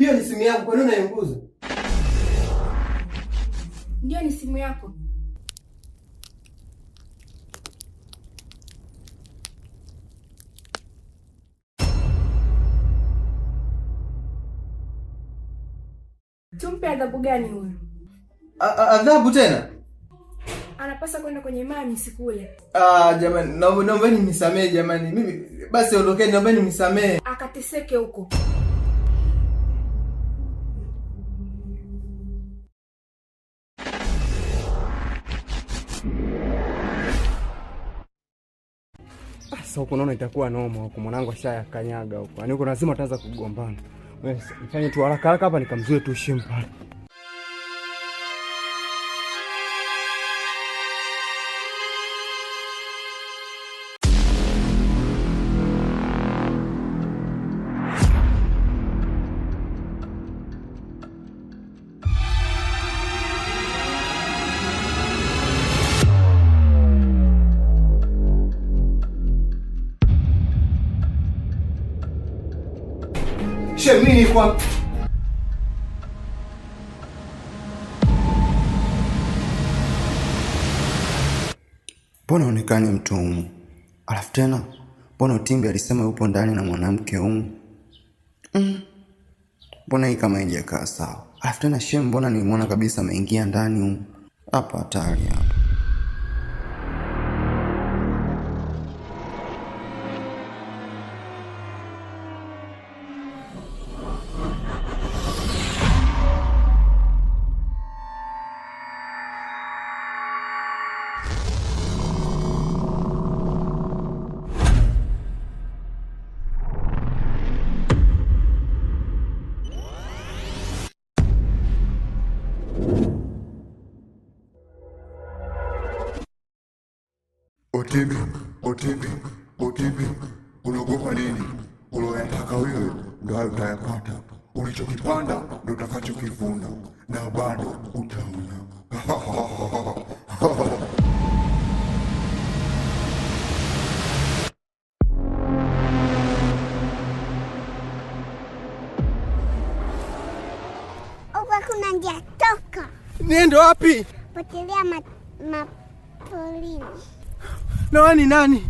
Hiyo ni simu yangu, kwa nini unaiunguza? Ndio, ni simu yako. Tumpe adhabu gani huyo? Adhabu tena? Anapasa kwenda kwenye maa siku Ah, jamani, naomba nisamee jamani. Mimi basi ondokeni, naomba nisamee. Akateseke huko. sasa huko naona itakuwa noma huko, mwanangu kanyaga huko, yaani huko lazima ataanza kugombana. fanye tu haraka haraka hapa nikamzuie tu shimpa. mini kwa mbona onekani mtu umu Alafu tena mbona Utimbi alisema yupo ndani na mwanamke humu? Mm. Mbona mm, hii kama ijakaa sawa. Alafu tena Shem, mbona nilimwona kabisa ameingia ndani humu? Hapa hatari hapa. Utipi, utipi, unaogopa nini? Unaoyataka wewe ndo hayo utayapata, ulichokipanda ndo utakachokivuna, na bado utaona. Opa, kuna njia, toka. Niende wapi? Potelea mapolini. Nawe ni nani?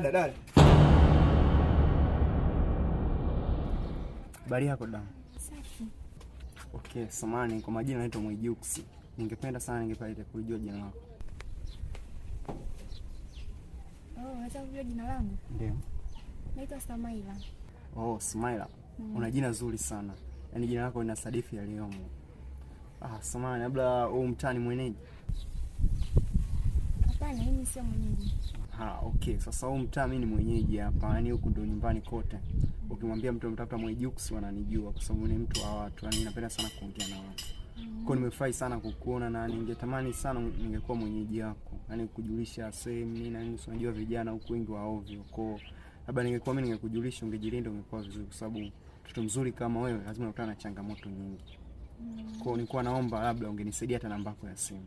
Dada, dada. Habari yako damu? Safi. Okay, samani kwa majina naitwa Mwijuksi. Ningependa sana ningependa kujua jina lako. Oh, unataka kujua jina langu? Ndio. Naitwa Samaila. Oh, Samaila. Mm. Una jina zuri sana. Yaani jina lako lina sadifu yaliyomo. Ah, samani labda wewe mtani mwenyeji? Hapana, mimi sio mwenyeji. Ha, okay. Sasa huu mtaa mimi ni mwenyeji hapa, yani huku ndo nyumbani kote. Ukimwambia mtu mtafuta Mwijukes wananijua kwa sababu ni mtu wa watu, yani napenda sana kuongea na watu. Kwa hiyo nimefurahi sana kukuona na ningetamani sana ningekuwa mwenyeji wako, yaani kujulisha sehemu mimi na nini. Yaani unajua vijana huku wengi wa ovyo, kwa labda ningekuwa mimi ningekujulisha, ungejilinda, ungekuwa vizuri, kwa sababu mtoto mzuri kama wewe lazima ukutane na changamoto nyingi. Kwa hiyo nilikuwa naomba labda ungenisaidia hata namba yako ya simu.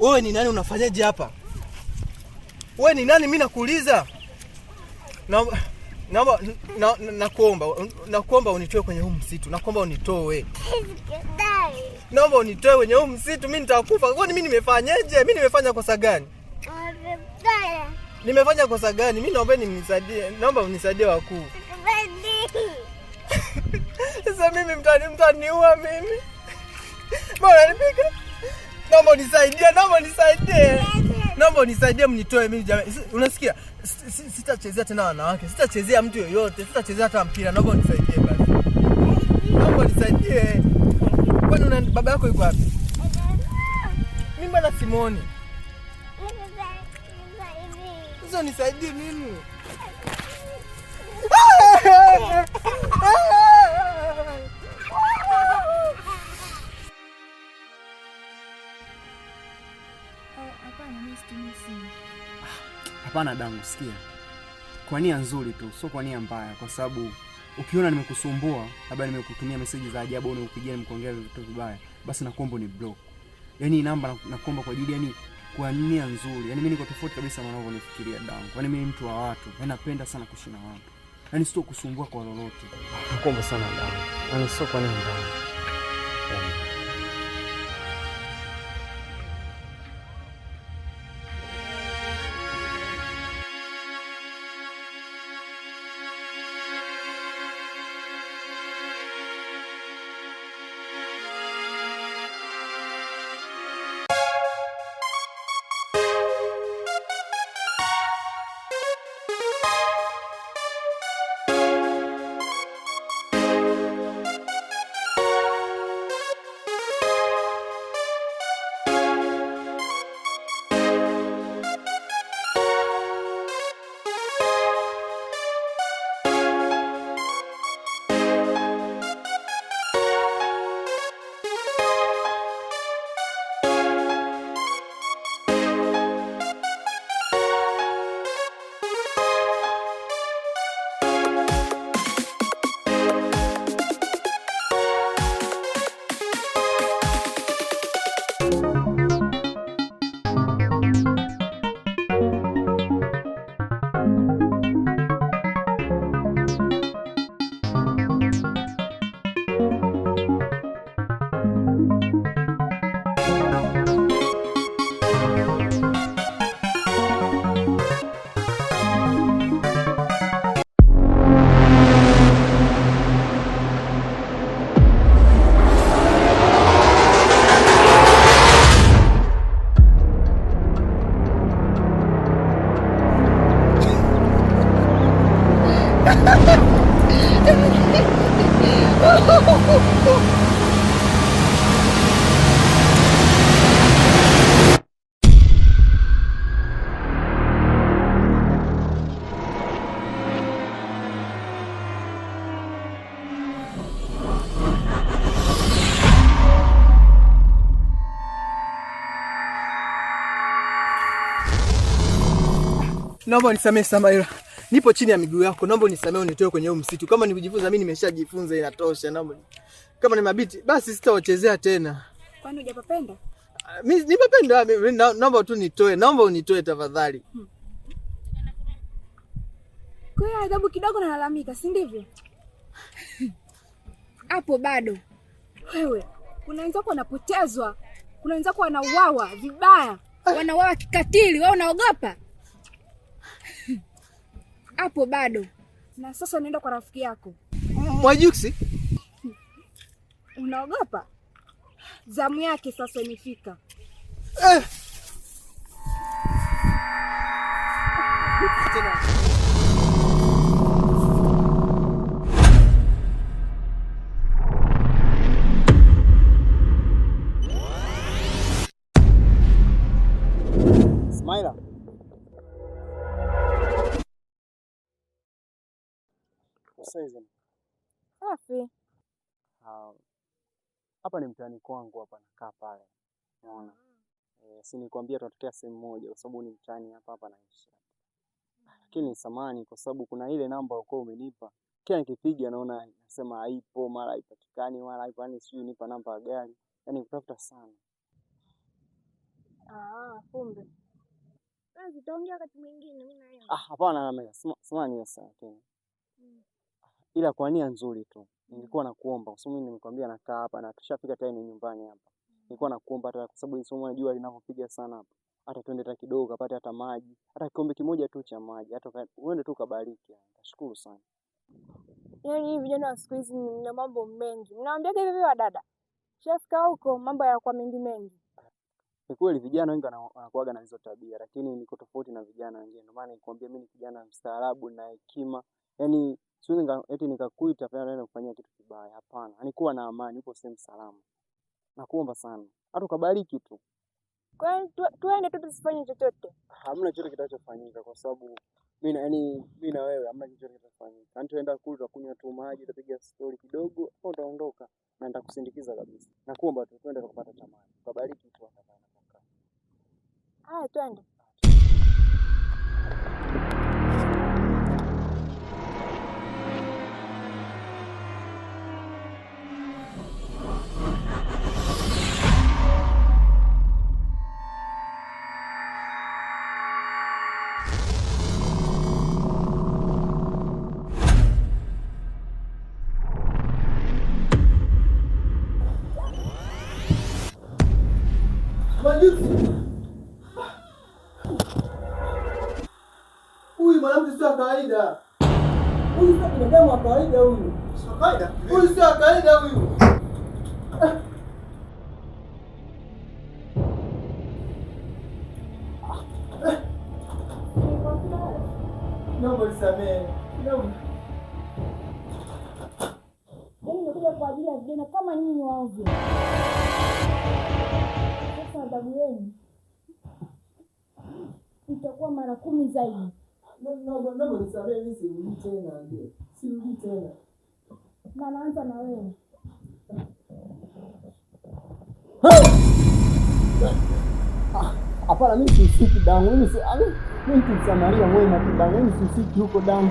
Wewe ni nani? Unafanyaje hapa? Wewe ni nani? Mimi nakuuliza, nakuomba, nakuomba unitoe kwenye huu msitu, nakuomba unitoe. Naomba unitoe wenye huu msitu, mimi nitakufa. Kwani mimi nimefanyeje? Mimi nimefanya kosa gani? Nimefanya kosa gani? Mimi naomba mnisaidie, naomba unisaidie wakuu. Sasa mimi mtani mtaniua mimi. Bora nipige. Naomba unisaidie, naomba unisaidie. Naomba unisaidie mnitoe mimi jamani. Unasikia? Sitachezea tena wanawake. Sitachezea mtu yoyote. Sitachezea hata mpira. Naomba unisaidie basi. Naomba unisaidie baba yako yuko wapi? Mimi bwana simuoni. Sasa nisaidie mimi. Hapana dangu, sikia, kwa nia nzuri tu, sio kwa nia mbaya, kwa sababu ukiona nimekusumbua labda nimekutumia meseji za ajabu au nimekupigia nimekuongea vitu vibaya basi nakuomba ni block. Yaani namba nakuomba kwa ajili yani kwa nia nzuri. Yaani mimi niko tofauti kabisa na nifikiria dangu. Yaani mimi mtu wa watu. Yaani napenda sana kushina watu. Yaani sio kusumbua kwa lolote. Nakuomba sana dangu. Yaani sio kwa nini dangu. naomba unisamehe Samaila, nipo chini ya miguu yako, naomba unisamehe, unitoe kwenye huu msitu. Kama nikujifunza mimi nimeshajifunza, inatosha. Naomba kama ni mabiti basi sitawachezea tena. Kwani hujapapenda? Mimi ah, nimependa, naomba tu nitoe, naomba unitoe tafadhali. Hmm. Kwa hiyo adhabu kidogo nalalamika, si ndivyo? Hapo bado wewe, kuna wenzako wanapotezwa, kuna wenzako wanauawa vibaya, ah. wanauawa kikatili, wewe unaogopa? hapo bado, na sasa unaenda kwa rafiki yako Mwajuksi. Unaogopa? Zamu yake sasa imefika eh. Uh, hapa ni mtaani kwangu hapa nakaa pale. Unaona? Ah. Eh, si nikwambia tunatokea sehemu moja kwa sababu ni mtaani hapa hapa naishi. Hmm. Lakini samani kwa sababu kuna ile namba uko umenipa. Kila nikipiga naona nasema haipo, mara haipatikani, mara haipo, yani sijui nipa namba ya gari. Yaani kutafuta sana. Ah, kumbe. Ah, tutaongea wakati mwingine mimi na yeye Ah, hapana, samani sasa tena. Hmm. Ila kwa nia nzuri tu. mm nilikuwa nakuomba kwa sababu mimi nimekwambia nakaa hapa na tushafika tayari nyumbani hapa. Nilikuwa nakuomba hata kwa sababu somo najua linavyopiga sana hapa. Hata twende hata kidogo apate hata maji, hata kikombe kimoja tu cha maji, hata uende tu kabariki. Nashukuru sana. Yaani vijana wa siku hizi na mambo mengi. Mnaambiaje hivi wa wadada. Shafika huko mambo yanakuwa mengi mengi. Ni kweli vijana wengi wanakuaga na hizo tabia, lakini niko tofauti na vijana wengine. Ndio maana nikwambia mimi ni kijana mstaarabu na hekima. Yaani siwezi nika, eti nikakuita pia naenda kufanyia kitu kibaya. Hapana, yani na amani, uko sehemu salama. Nakuomba sana, hata ukabariki tu, tuende tu, tusifanye chochote. Hamna chochote kitachofanyika kwa sababu mimi yani, mimi na wewe hamna chochote kitachofanyika. Yani tuenda kule, tutakunywa tu maji, tutapiga stori kidogo, au utaondoka na nitakusindikiza kabisa. Nakuomba tu, tuende tukapata tamani, ukabariki tu hata kama. Ah, twende. huyu mwanamke sio kawaida. Huyu sio binadamu wa kawaida huyu. Sio kawaida. Huyu sio kawaida huyu. Naomba nisamehe. Mimi nimekuja kwa ajili ya vijana kama nyinyi waovyo. Sasa adabu yenu itakuwa mara kumi zaidi nobody sabe mimi sirudi tena ndio. Sirudi tena. Na naanza na wewe. Hapana, mimi sisiki damu. Mimi si ani mimi msamaria mwema damu. Mimi sisiki huko damu.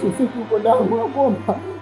Sisiki huko damu, nakuomba.